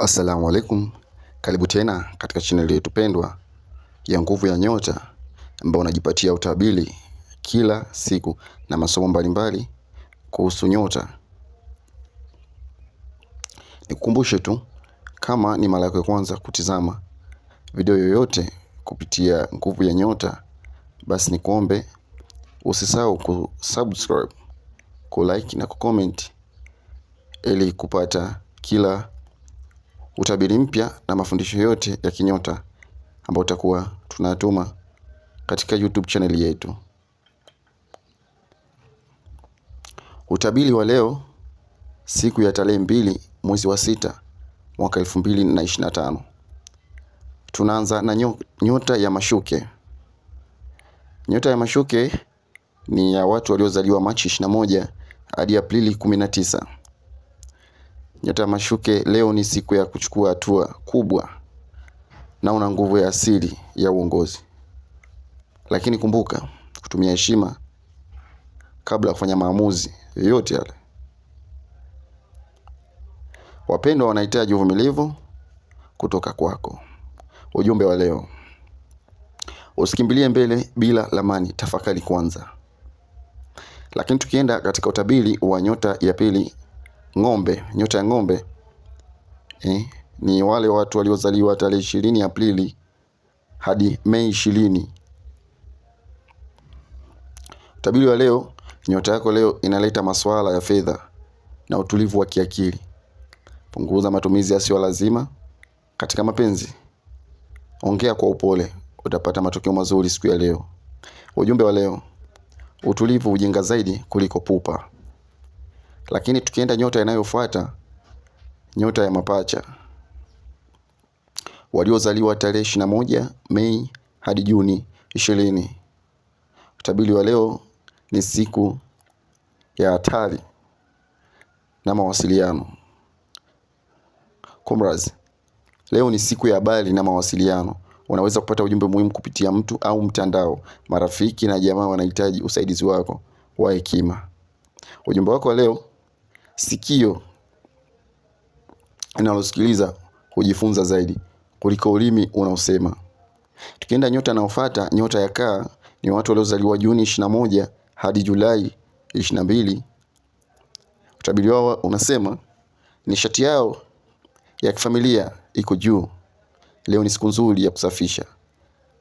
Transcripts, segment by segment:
Assalamu alaikum, karibu tena katika chaneli yetu pendwa ya Nguvu ya Nyota, ambayo unajipatia utabiri kila siku na masomo mbalimbali kuhusu nyota. Nikukumbushe tu, kama ni mara yako ya kwanza kutizama video yoyote kupitia Nguvu ya Nyota, basi nikuombe usisahau kusubscribe, kulike na kucomment ili kupata kila utabiri mpya na mafundisho yote ya kinyota ambayo tutakuwa tunatuma katika YouTube channel yetu. Utabiri wa leo siku ya tarehe mbili mwezi wa sita mwaka elfu mbili na ishirini na tano. Tunaanza na nyota ya mashuke. Nyota ya mashuke ni ya watu waliozaliwa Machi 21 hadi Aprili 19. Nyota ya mashuke, leo ni siku ya kuchukua hatua kubwa na una nguvu ya asili ya uongozi, lakini kumbuka kutumia heshima kabla ya kufanya maamuzi yoyote yale. Wapendwa wanahitaji uvumilivu kutoka kwako. Ujumbe wa leo: usikimbilie mbele bila lamani, tafakari kwanza. Lakini tukienda katika utabiri wa nyota ya pili ng'ombe, nyota ya ng'ombe eh, ni wale watu waliozaliwa tarehe ishirini Aprili hadi Mei ishirini. Utabiri wa leo, nyota yako leo inaleta masuala ya fedha na utulivu wa kiakili. Punguza matumizi yasiyo lazima katika mapenzi. Ongea kwa upole, utapata matokeo mazuri siku ya leo. Ujumbe wa leo, utulivu hujenga zaidi kuliko pupa. Lakini tukienda nyota inayofuata, nyota ya mapacha waliozaliwa tarehe moja Mei hadi Juni ishirini Utabiri wa leo ni siku ya hatari na mawasiliano. Comrades, leo ni siku ya habari na mawasiliano. Unaweza kupata ujumbe muhimu kupitia mtu au mtandao. Marafiki na jamaa wanahitaji usaidizi wako wa hekima. Ujumbe wako wa leo sikio linalosikiliza hujifunza zaidi kuliko ulimi unaosema. Tukienda nyota inayofuata, nyota ya kaa ni watu waliozaliwa Juni 21 hadi Julai 22. Utabiri wao unasema nishati yao ya kifamilia iko juu. Leo ni siku nzuri ya kusafisha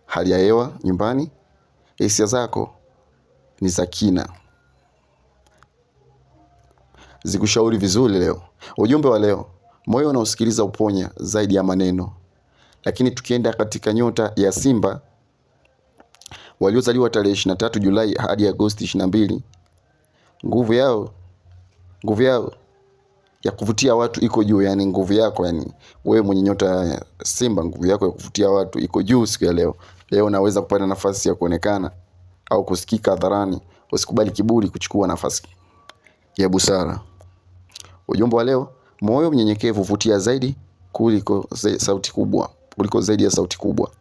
hali ya hewa nyumbani. Hisia zako ni za kina zikushauri vizuri leo. Ujumbe wa leo, moyo unaosikiliza uponya zaidi ya maneno. Lakini tukienda katika nyota ya Simba waliozaliwa tarehe 23 Julai hadi Agosti 22, nguvu yao nguvu yao ya kuvutia watu iko juu. Yani nguvu yako, yani wewe mwenye nyota ya Simba, nguvu yako ya kuvutia watu iko juu siku ya leo. Leo unaweza kupata nafasi ya kuonekana au kusikika hadharani. Usikubali kiburi kuchukua nafasi ya busara. Ujumbe wa leo, moyo mnyenyekevu huvutia zaidi kuliko sauti kubwa, kuliko zaidi ya sauti kubwa.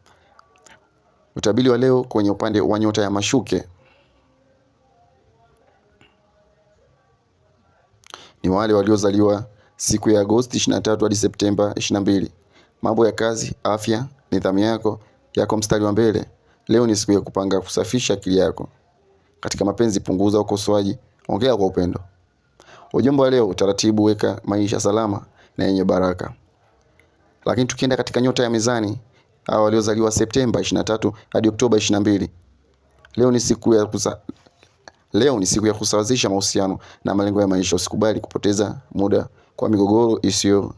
Utabiri wa leo kwenye upande wa nyota ya mashuke ni wale waliozaliwa siku ya Agosti 23 hadi Septemba 22. Mambo ya kazi, afya, nidhamu yako yako mstari wa mbele. Leo ni siku ya kupanga kusafisha akili yako. Katika mapenzi, punguza ukosoaji, ongea kwa upendo. Ujumbe wa leo utaratibu, weka maisha salama na yenye baraka. Lakini tukienda katika nyota ya mezani, hao waliozaliwa Septemba 23 hadi Oktoba 22, leo ni siku ya kusa... leo ni siku ya kusawazisha mahusiano na malengo ya maisha. Usikubali kupoteza muda kwa migogoro isiyo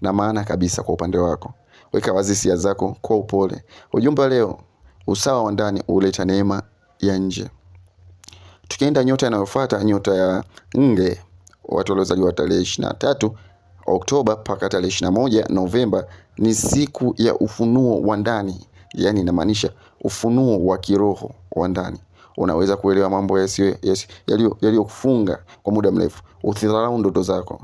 na maana kabisa kwa upande wako. Weka wazi hisia zako kwa upole. Ujumbe leo, usawa wa ndani huleta neema ya nje. Tukienda nyota inayofuata, nyota ya nge, watu waliozaliwa tarehe tatu Oktoba mpaka tarehe moja Novemba ni siku ya ufunuo wa ndani, yani inamaanisha ufunuo wa kiroho wa ndani. Unaweza kuelewa mambo yaliyokufunga yes, yes, kwa muda mrefu. Usidharau ndoto zako,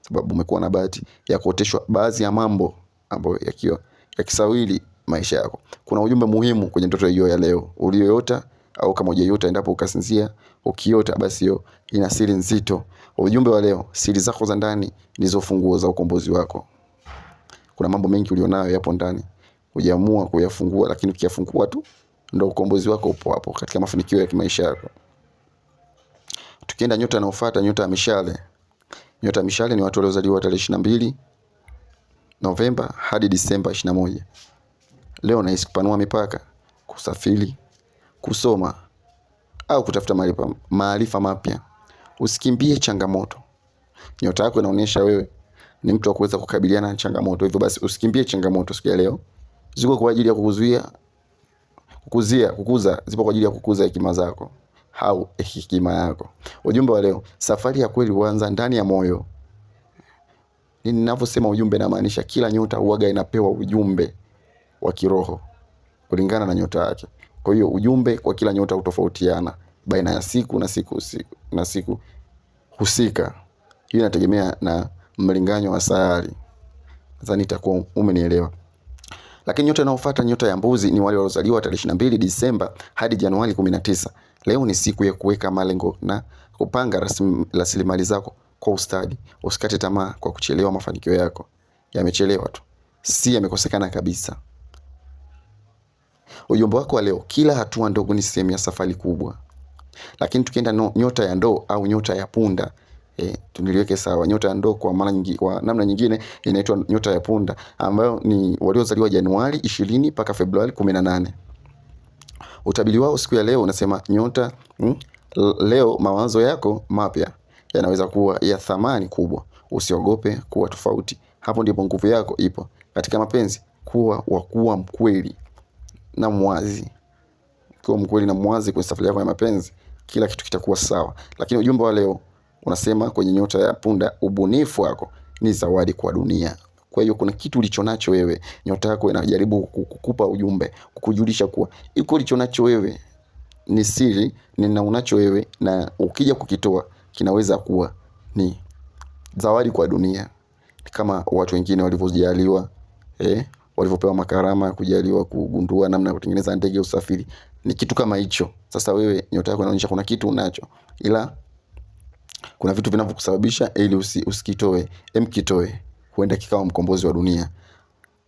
sababu umekuwa na bahati ya kuoteshwa baadhi ya mambo ambayo yakiwa yakisawili maisha yako. Kuna ujumbe muhimu kwenye ndoto hiyo ya leo uliyoota au kama hujaiota endapo ukasinzia ukiota, basi hiyo ina siri nzito. Ujumbe wa leo, siri zako za ndani ndizo funguo za ukombozi wako. Kuna mambo mengi ulionayo yapo ndani, hujaamua kuyafungua, lakini ukiyafungua tu ndo ukombozi wako upo hapo katika mafanikio ya kimaisha yako. Tukienda nyota inayofuata, nyota ya mishale. Nyota ya mishale ni watu waliozaliwa tarehe 22 Novemba hadi Disemba 21. Leo nahisi kupanua mipaka, kusafiri kusoma au kutafuta maarifa mapya. Usikimbie changamoto. Nyota yako inaonyesha wewe ni mtu wa kuweza kukabiliana na changamoto. Hivyo basi usikimbie changamoto siku ya leo. Ziko kwa ajili ya kukuzuia kukuzia, kukuza, zipo kwa ajili ya kukuza hekima zako au hekima yako. Ujumbe wa leo, safari ya kweli huanza ndani ya moyo. Ninavyosema ujumbe namaanisha kila nyota huaga inapewa ujumbe wa kiroho kulingana na nyota yake. Kwa hiyo ujumbe kwa kila nyota hutofautiana baina ya siku na siku siku na siku husika. Hiyo inategemea na mlinganyo wa sayari. Nadhani itakuwa umenielewa. Lakini nyota inayofuata nyota ya mbuzi ni wale waliozaliwa tarehe 22 Disemba hadi Januari 19. Leo ni siku ya kuweka malengo na kupanga rasilimali zako kwa ustadi. Usikate tamaa kwa kuchelewa, mafanikio yako yamechelewa tu, si yamekosekana kabisa. Ujumbe wako wa leo, kila hatua ndogo ni sehemu ya safari kubwa. Lakini tukienda no, nyota ya ndoo au nyota ya punda E, tuniliweke sawa. Nyota ya ndoo kwa maana nyingi, kwa namna nyingine inaitwa nyota ya punda, ambayo ni waliozaliwa Januari ishirini mpaka Februari kumi na Utabiri wao siku ya leo unasema nyota mm, leo mawazo yako mapya yanaweza kuwa ya thamani kubwa. Usiogope kuwa tofauti, hapo ndipo nguvu yako ipo. Katika mapenzi, kuwa wakuwa mkweli na mwazi Kwa mkweli na mwazi kwenye safari yako ya mapenzi kila kitu kitakuwa sawa lakini ujumbe wa leo unasema kwenye nyota ya punda ubunifu wako ni zawadi kwa dunia kwa hiyo kuna kitu ulicho nacho wewe, nyota yako inajaribu kukupa ujumbe, kukujulisha kuwa iko ulicho nacho wewe ni siri, nina unacho wewe, na ukija kukitoa kinaweza kuwa ni zawadi kwa dunia, kama watu wengine walivyojaliwa eh walivyopewa makarama kujaliwa kugundua namna ya kutengeneza ndege usafiri, ni kitu kama hicho. Sasa wewe nyota yako inaonyesha kuna kitu unacho, ila kuna vitu vinavyokusababisha ili usi, usikitoe em kitoe, huenda kikawa mkombozi wa dunia.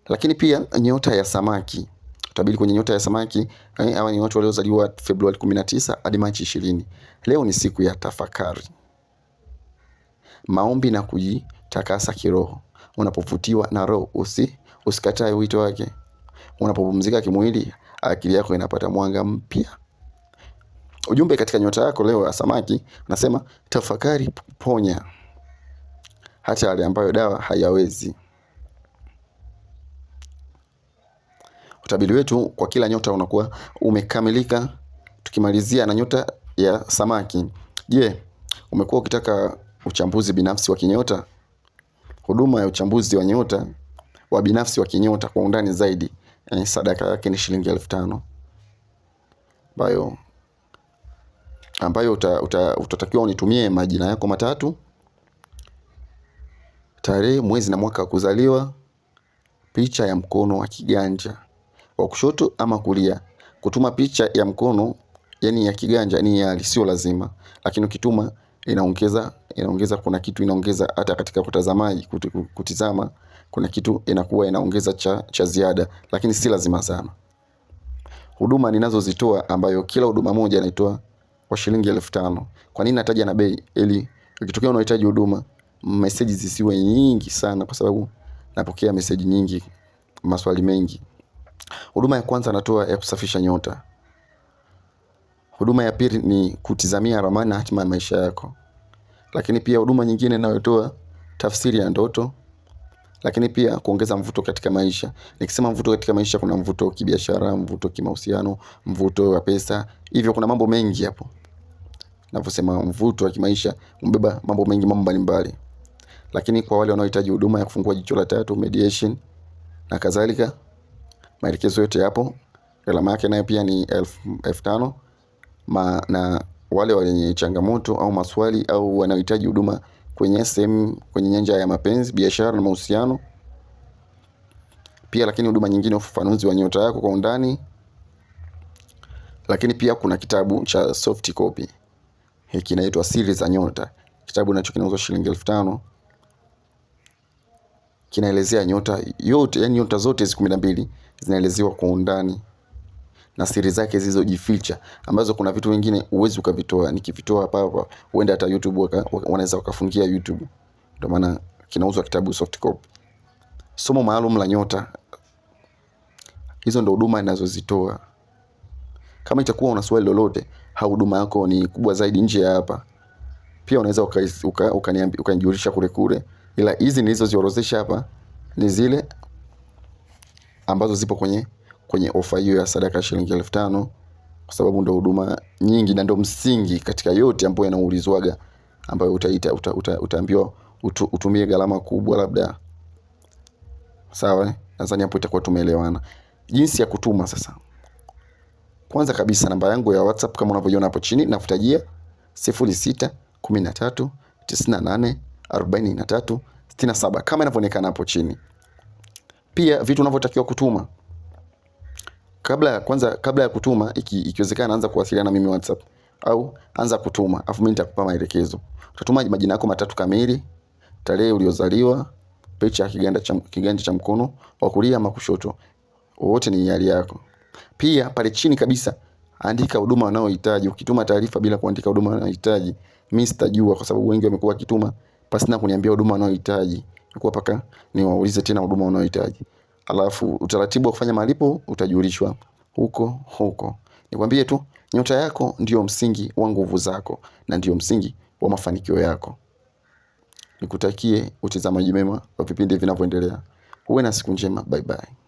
Lakini pia nyota ya samaki utabiri kwenye nyota ya samaki, eh, hawa ni watu waliozaliwa Februari 19 hadi Machi 20. Leo ni siku ya tafakari, maombi na kujitakasa kiroho. Unapovutiwa na roho usi Usikatae wito wake. Unapopumzika kimwili, akili yako inapata mwanga mpya. Ujumbe katika nyota yako leo ya samaki unasema tafakari, ponya hata yale ambayo dawa hayawezi. Utabiri wetu kwa kila nyota unakuwa umekamilika, tukimalizia na nyota ya samaki. Je, umekuwa ukitaka uchambuzi binafsi wa kinyota? Huduma ya uchambuzi wa nyota wa binafsi wa kinyota kwa undani zaidi. Yani eh, sadaka yake ni shilingi elfu tano ambayo ambayo utatakiwa uta, uta unitumie majina yako matatu, tarehe, mwezi na mwaka wa kuzaliwa, picha ya mkono wa kiganja wa kushoto ama kulia. Kutuma picha ya mkono yani ya kiganja ni hali, sio lazima, lakini ukituma inaongeza inaongeza, kuna kitu inaongeza hata katika kutazamaji kutizama kuti, kuna kitu inakuwa inaongeza cha, cha ziada, lakini si lazima sana. Huduma ninazozitoa ambayo kila huduma moja inaitoa kwa shilingi elfu tano. Kwa nini nataja na bei? Ili ikitokea unahitaji huduma, meseji zisiwe nyingi sana, kwa sababu napokea meseji nyingi, maswali mengi. Huduma ya kwanza natoa ya kusafisha nyota. Huduma ya pili ni kutizamia ramani na hatima ya maisha yako, lakini pia huduma nyingine inayotoa tafsiri ya ndoto lakini pia kuongeza mvuto katika maisha. Nikisema mvuto katika maisha, kuna mvuto kibiashara, mvuto kimahusiano, mvuto wa pesa, hivyo kuna mambo mengi hapo. Navyosema mvuto wa kimaisha umebeba mambo mengi, mambo mbalimbali. Lakini kwa wale wanaohitaji huduma ya kufungua jicho la tatu, mediation na kadhalika, maelekezo yote yapo. Gharama yake nayo pia ni elfu tano na wale wenye changamoto au maswali au wanaohitaji huduma kwenye sehemu kwenye nyanja ya mapenzi, biashara na mahusiano pia, lakini huduma nyingine, ufafanuzi wa nyota yako kwa undani. Lakini pia kuna kitabu cha soft copy hiki kinaitwa Siri za Nyota. Kitabu nacho kinauzwa shilingi elfu tano kinaelezea nyota yote, yani nyota zote hizi kumi na mbili zinaelezewa kwa undani na siri zake zilizojificha ambazo kuna vitu vingine uwezi ukavitoa. Nikivitoa hapa hapa, huenda hata YouTube waka, wanaweza wakafungia YouTube. Ndio maana kinauzwa kitabu soft copy, somo maalum la nyota. Hizo ndio huduma inazozitoa. Kama itakuwa una swali lolote, huduma yako ni kubwa zaidi nje ya hapa, pia unaweza ukaniambia uka kule kule, ila hizi nilizoziorozesha hapa ni zile ambazo zipo kwenye kwenye ofa hiyo ya sadaka shilingi elfu tano kwa sababu ndo huduma nyingi na ndo msingi katika yote ambayo yanaulizwaga ambayo utaita uta, uta, utaambiwa utu, utumie gharama kubwa labda. Sawa, eh? nadhani hapo itakuwa tumeelewana. Jinsi ya kutuma sasa, kwanza kabisa namba yangu ya WhatsApp kama unavyoiona hapo chini nakutajia 06 13 98 43 67 kama inavyoonekana hapo chini. Pia vitu unavyotakiwa kutuma kabla kwanza, kabla ya kutuma ikiwezekana, anza kuwasiliana mimi WhatsApp au anza kutuma, afu mimi nitakupa maelekezo. Utatuma majina yako matatu kamili, tarehe uliozaliwa, picha ya kiganja cha kiganja cha mkono wa kulia ama kushoto, wote ni hali yako. Pia pale chini kabisa andika huduma unayohitaji. Ukituma taarifa bila kuandika huduma unayohitaji, mimi sitajua, kwa sababu wengi wamekuwa wakituma pasina kuniambia huduma unayohitaji, ikuwa paka niwaulize tena huduma unayohitaji alafu utaratibu wa kufanya malipo utajulishwa huko huko. Nikwambie tu, nyota yako ndiyo msingi wa nguvu zako na ndiyo msingi wa mafanikio yako. Nikutakie utazamaji mema wa vipindi vinavyoendelea. Uwe na siku njema. Bye bye.